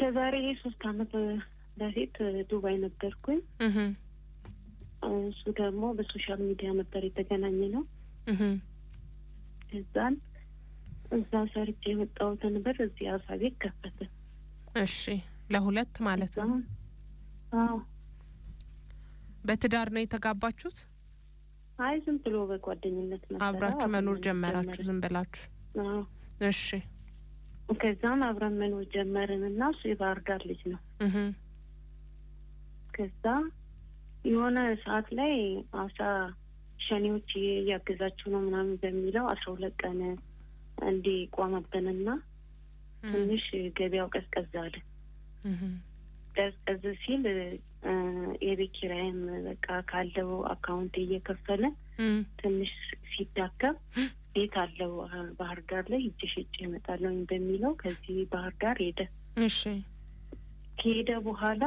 ከዛሬ ሶስት አመት በፊት ዱባይ ነበርኩኝ። እሱ ደግሞ በሶሻል ሚዲያ ነበር የተገናኘ ነው። እዛን እዛ ሰርቼ የመጣሁትን ብር እዚህ አሳ ቤት ከፈተ። እሺ፣ ለሁለት ማለት ነው። በትዳር ነው የተጋባችሁት? አይ ዝም ብሎ በጓደኝነት ነበር። አብራችሁ መኖር ጀመራችሁ ዝም ብላችሁ? እሺ ከዛም አብረን መኖር ጀመርን እና እሱ የባህር ዳር ልጅ ነው። ከዛ የሆነ ሰዓት ላይ አሳ ሸኔዎች እያገዛችሁ ነው ምናምን በሚለው አስራ ሁለት ቀን እንዲ ቋመብንና ትንሽ ገበያው ቀዝቀዝ አለ። ቀዝቀዝ ሲል የቤት ኪራይም በቃ ካለው አካውንት እየከፈለ ትንሽ ሲዳከም ቤት አለው ባህር ዳር ላይ እጅ ሽጬ እመጣለሁ በሚለው ከዚህ ባህር ዳር ሄደ። እሺ ከሄደ በኋላ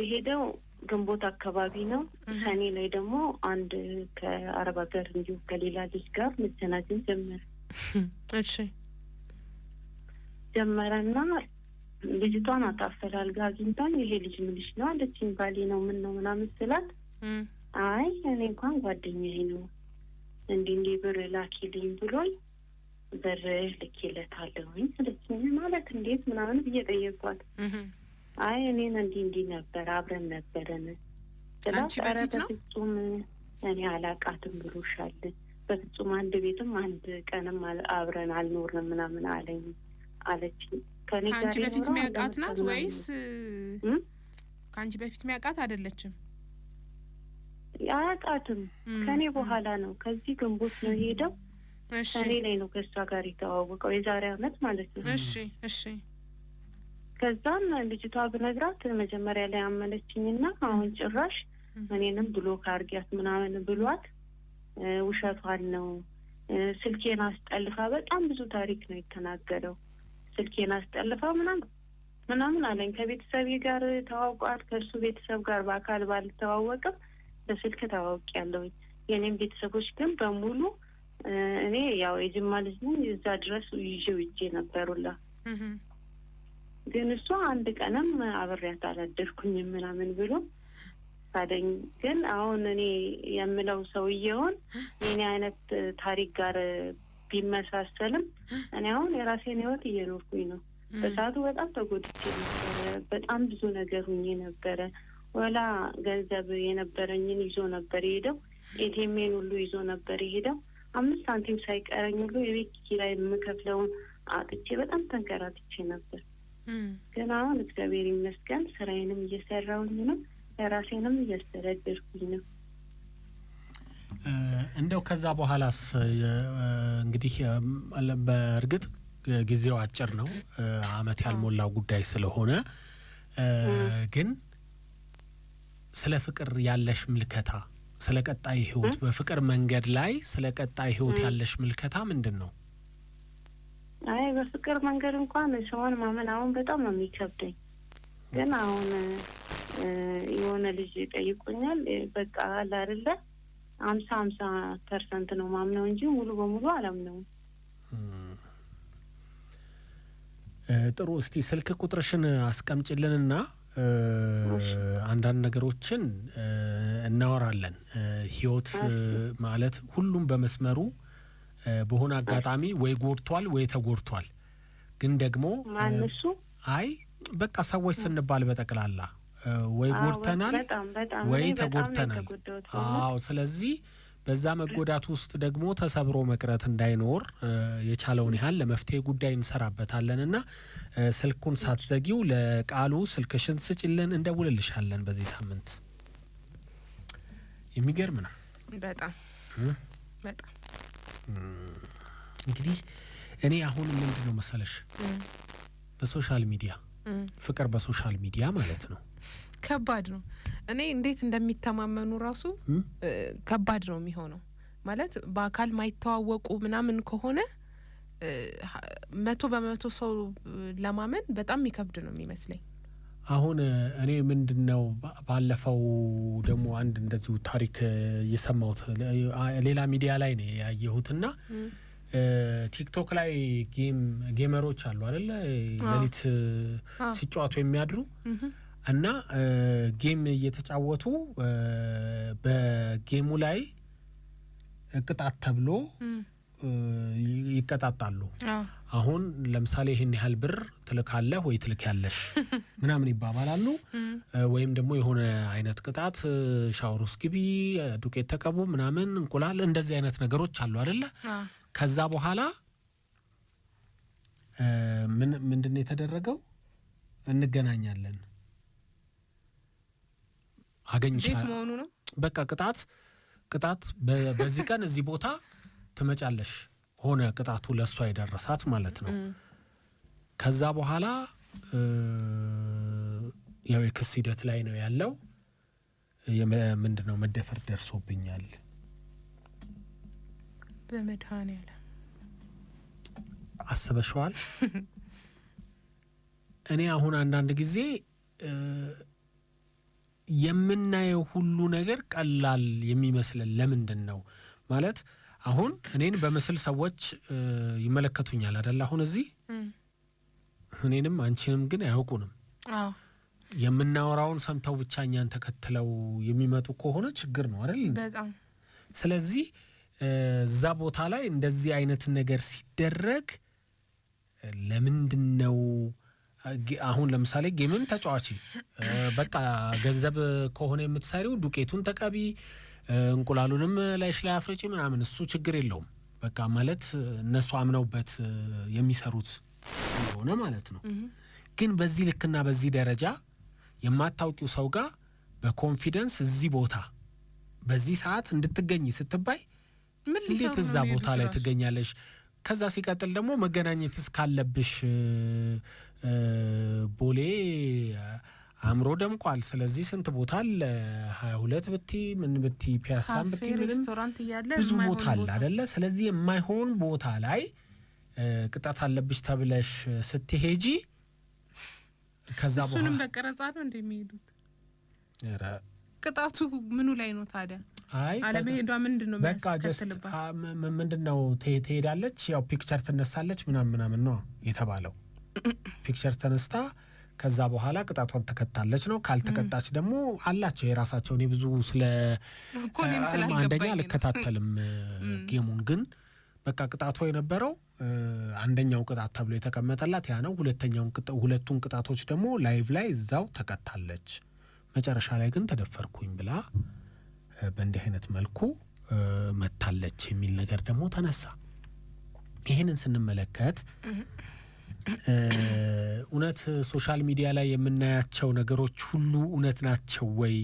የሄደው ግንቦት አካባቢ ነው። ሰኔ ላይ ደግሞ አንድ ከአረብ ሀገር እንዲሁ ከሌላ ልጅ ጋር መዘናጀን ጀመረ። እሺ ጀመረና ልጅቷን አካፈል አልጋ አግኝታኝ ይሄ ልጅ ምልሽ ነው አለችኝ። ባሌ ነው ምን ነው ምናምን ስላት አይ እኔ እንኳን ጓደኛዬ ነው እንዲህ እንዲህ ብር ላኪልኝ ብሎኝ ብር ልኬለታለሁኝ ስለኝ ማለት እንዴት ምናምን ብዬ ጠየኳት። አይ እኔን እንዲህ እንዲህ ነበር አብረን ነበረን ስላት ኧረ በፍጹም እኔ አላቃትም ብሎሻል። በፍጹም አንድ ቤትም አንድ ቀንም አብረን አልኖርንም ምናምን አለኝ አለች ከኔ ጋር በፊት የሚያውቃት ናት ወይስ ከአንቺ በፊት የሚያውቃት አይደለችም? አያውቃትም። ከኔ በኋላ ነው። ከዚህ ግንቦት ነው የሄደው። ከኔ ላይ ነው ከእሷ ጋር የተዋወቀው የዛሬ አመት ማለት ነው። እሺ እሺ። ከዛም ልጅቷ ብነግራት መጀመሪያ ላይ አመለችኝና አሁን ጭራሽ እኔንም ብሎ ካርጊያት ምናምን ብሏት ውሸቷን ነው። ስልኬን አስጠልፋ በጣም ብዙ ታሪክ ነው የተናገረው። ስልኬን አስጠልፋ ምናምን ምናምን አለኝ። ከቤተሰቤ ጋር ተዋውቋት ከእሱ ቤተሰብ ጋር በአካል ባልተዋወቅም በስልክ ተዋውቅ ያለሁኝ የእኔም ቤተሰቦች ግን በሙሉ እኔ ያው የጅማ ልጅ ነኝ እዛ ድረስ ይዤ ውጄ ነበሩላ ግን እሷ አንድ ቀንም አብሬያት አላደርኩኝ ምናምን ብሎ ሳደኝ ግን አሁን እኔ የምለው ሰውየውን የኔ አይነት ታሪክ ጋር ቢመሳሰልም እኔ አሁን የራሴን ህይወት እየኖርኩኝ ነው። በሰዓቱ በጣም ተጎድቼ ነበረ። በጣም ብዙ ነገር ሁኜ ነበረ። ወላ ገንዘብ የነበረኝን ይዞ ነበር የሄደው። ኤቲኤሜን ሁሉ ይዞ ነበር የሄደው። አምስት ሳንቲም ሳይቀረኝ ሁሉ የቤት ኪራይ የምከፍለውን አጥቼ በጣም ተንከራትቼ ነበር። ግን አሁን እግዚአብሔር ይመስገን ስራዬንም እየሰራውኝ ነው፣ ለራሴንም እያስተዳደርኩኝ ነው። እንደው ከዛ በኋላስ እንግዲህ በእርግጥ ጊዜው አጭር ነው፣ አመት ያልሞላው ጉዳይ ስለሆነ ግን ስለ ፍቅር ያለሽ ምልከታ ስለ ቀጣይ ህይወት በፍቅር መንገድ ላይ ስለ ቀጣይ ህይወት ያለሽ ምልከታ ምንድን ነው? አይ በፍቅር መንገድ እንኳን ሰውን ማመን አሁን በጣም ነው የሚከብደኝ። ግን አሁን የሆነ ልጅ ጠይቆኛል። በቃ አለ አይደለ አምሳ አምሳ ፐርሰንት ነው ማምነው እንጂ ሙሉ በሙሉ አላምነውም። ጥሩ። እስቲ ስልክ ቁጥርሽን አስቀምጭልንና አንዳንድ ነገሮችን እናወራለን። ህይወት ማለት ሁሉም በመስመሩ በሆነ አጋጣሚ ወይ ጎድቷል ወይ ተጎድቷል። ግን ደግሞ አይ በቃ ሰዎች ስንባል በጠቅላላ ወይ ጎድተናል ወይ ተጎድተናል። አዎ ስለዚህ በዛ መጎዳት ውስጥ ደግሞ ተሰብሮ መቅረት እንዳይኖር የቻለውን ያህል ለመፍትሄ ጉዳይ እንሰራበታለን እና ስልኩን ሳትዘጊው ለቃሉ ስልክሽን ስጭልን፣ እንደውልልሻለን በዚህ ሳምንት። የሚገርም ነው በጣም በጣም። እንግዲህ እኔ አሁን ምንድን ነው መሰለሽ በሶሻል ሚዲያ ፍቅር በሶሻል ሚዲያ ማለት ነው ከባድ ነው። እኔ እንዴት እንደሚተማመኑ ራሱ ከባድ ነው የሚሆነው። ማለት በአካል ማይተዋወቁ ምናምን ከሆነ መቶ በመቶ ሰው ለማመን በጣም ይከብድ ነው የሚመስለኝ። አሁን እኔ ምንድን ነው ባለፈው ደግሞ አንድ እንደዚሁ ታሪክ የሰማሁት ሌላ ሚዲያ ላይ ነው ያየሁትና ቲክቶክ ላይ ጌም ጌመሮች አሉ አይደለ፣ ሌሊት ሲጫወቱ የሚያድሩ እና ጌም እየተጫወቱ በጌሙ ላይ ቅጣት ተብሎ ይቀጣጣሉ። አሁን ለምሳሌ ይህን ያህል ብር ትልካለህ ወይ ትልክ ያለሽ ምናምን ይባባላሉ። ወይም ደግሞ የሆነ አይነት ቅጣት ሻወር ውስጥ ግቢ፣ ዱቄት ተቀቡ፣ ምናምን እንቁላል፣ እንደዚህ አይነት ነገሮች አሉ አደለ? ከዛ በኋላ ምንድን ነው የተደረገው? እንገናኛለን አገኝሻለሁ መሆኑ ነው። በቃ ቅጣት ቅጣት በዚህ ቀን እዚህ ቦታ ትመጫለሽ ሆነ ቅጣቱ ለእሷ የደረሳት ማለት ነው። ከዛ በኋላ ያው የክስ ሂደት ላይ ነው ያለው። ምንድን ነው መደፈር ደርሶብኛል በመድኃኔዓለም አስበሸዋል። እኔ አሁን አንዳንድ ጊዜ የምናየው ሁሉ ነገር ቀላል የሚመስለን ለምንድን ነው? ማለት አሁን እኔን በምስል ሰዎች ይመለከቱኛል አደለ? አሁን እዚህ እኔንም አንቺንም ግን አያውቁንም። የምናወራውን ሰምተው ብቻ እኛን ተከትለው የሚመጡ ከሆነ ችግር ነው አደል? ስለዚህ እዛ ቦታ ላይ እንደዚህ አይነት ነገር ሲደረግ ለምንድን ነው አሁን ለምሳሌ ጌምም ተጫዋች በቃ ገንዘብ ከሆነ የምትሰሪው ዱቄቱን ተቀቢ፣ እንቁላሉንም ላይሽ ላይ አፍርጪ ምናምን፣ እሱ ችግር የለውም። በቃ ማለት እነሱ አምነውበት የሚሰሩት ስለሆነ ማለት ነው። ግን በዚህ ልክና በዚህ ደረጃ የማታውቂው ሰው ጋር በኮንፊደንስ እዚህ ቦታ በዚህ ሰዓት እንድትገኝ ስትባይ እንዴት እዛ ቦታ ላይ ትገኛለሽ? ከዛ ሲቀጥል ደግሞ መገናኘትስ ካለብሽ ቦሌ አምሮ ደምቋል። ስለዚህ ስንት ቦታ አለ? ሀያ ሁለት ብቲ ምን ብቲ ፒያሳን ብቲ ብዙ ቦታ አለ አደለ? ስለዚህ የማይሆን ቦታ ላይ ቅጣት አለብሽ ተብለሽ ስትሄጂ ከዛ በኋላ በቀረጻ ነው እንደሚሄዱት ቅጣቱ ምኑ ላይ ነው ታዲያ? አይ አለመሄዷ ምንድን ነው በቃ ምንድን ነው ትሄዳለች፣ ያው ፒክቸር ትነሳለች ምናምን ምናምን ነው የተባለው። ፒክቸር ተነስታ ከዛ በኋላ ቅጣቷን ተከታለች ነው። ካልተቀጣች ደግሞ አላቸው የራሳቸውን የብዙ ስለ አንደኛ አልከታተልም ጌሙን ግን በቃ ቅጣቷ የነበረው አንደኛው ቅጣት ተብሎ የተቀመጠላት ያ ነው። ሁለተኛውን ሁለቱን ቅጣቶች ደግሞ ላይቭ ላይ እዛው ተቀጣለች። መጨረሻ ላይ ግን ተደፈርኩኝ ብላ በእንዲህ አይነት መልኩ መታለች የሚል ነገር ደግሞ ተነሳ። ይህንን ስንመለከት እውነት ሶሻል ሚዲያ ላይ የምናያቸው ነገሮች ሁሉ እውነት ናቸው ወይ?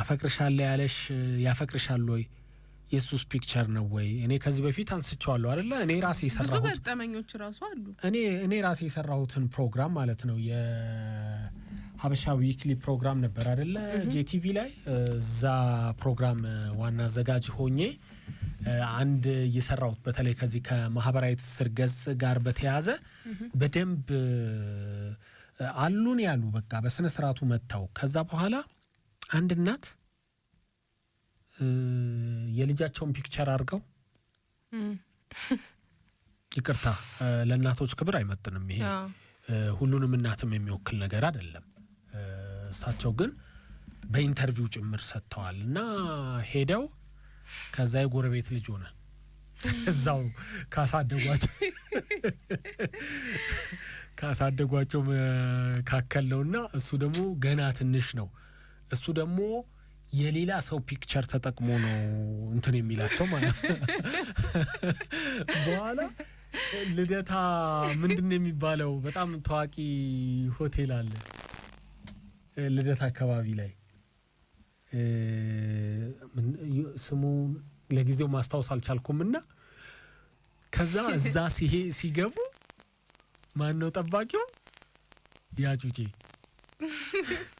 አፈቅርሻለ ያለሽ ያፈቅርሻል ወይ? የሱስ ፒክቸር ነው ወይ? እኔ ከዚህ በፊት አንስቸዋለሁ አይደለ? እኔ ራሴ የሰራሁት ብዙ ገጠመኞች ራሱ አሉ። እኔ እኔ ራሴ የሰራሁትን ፕሮግራም ማለት ነው የሀበሻ ዊክሊ ፕሮግራም ነበር አይደለ? ጄቲቪ ላይ እዛ ፕሮግራም ዋና አዘጋጅ ሆኜ አንድ የሰራሁት በተለይ ከዚህ ከማህበራዊ ትስስር ገጽ ጋር በተያያዘ በደንብ አሉን ያሉ በቃ በስነ ስርዓቱ መጥተው ከዛ በኋላ አንድ እናት የልጃቸውን ፒክቸር አድርገው ይቅርታ፣ ለእናቶች ክብር አይመጥንም። ይሄ ሁሉንም እናትም የሚወክል ነገር አይደለም። እሳቸው ግን በኢንተርቪው ጭምር ሰጥተዋል እና ሄደው ከዛ የጎረቤት ልጅ ሆነ። እዛው ካሳደጓቸው ካሳደጓቸው መካከል እና እሱ ደግሞ ገና ትንሽ ነው። እሱ ደግሞ የሌላ ሰው ፒክቸር ተጠቅሞ ነው እንትን የሚላቸው ማለት በኋላ ልደታ ምንድን ነው የሚባለው በጣም ታዋቂ ሆቴል አለ ልደታ አካባቢ ላይ ስሙ ለጊዜው ማስታወስ አልቻልኩም እና ከዛ እዛ ሲገቡ ማን ነው ጠባቂው? ያጩጬ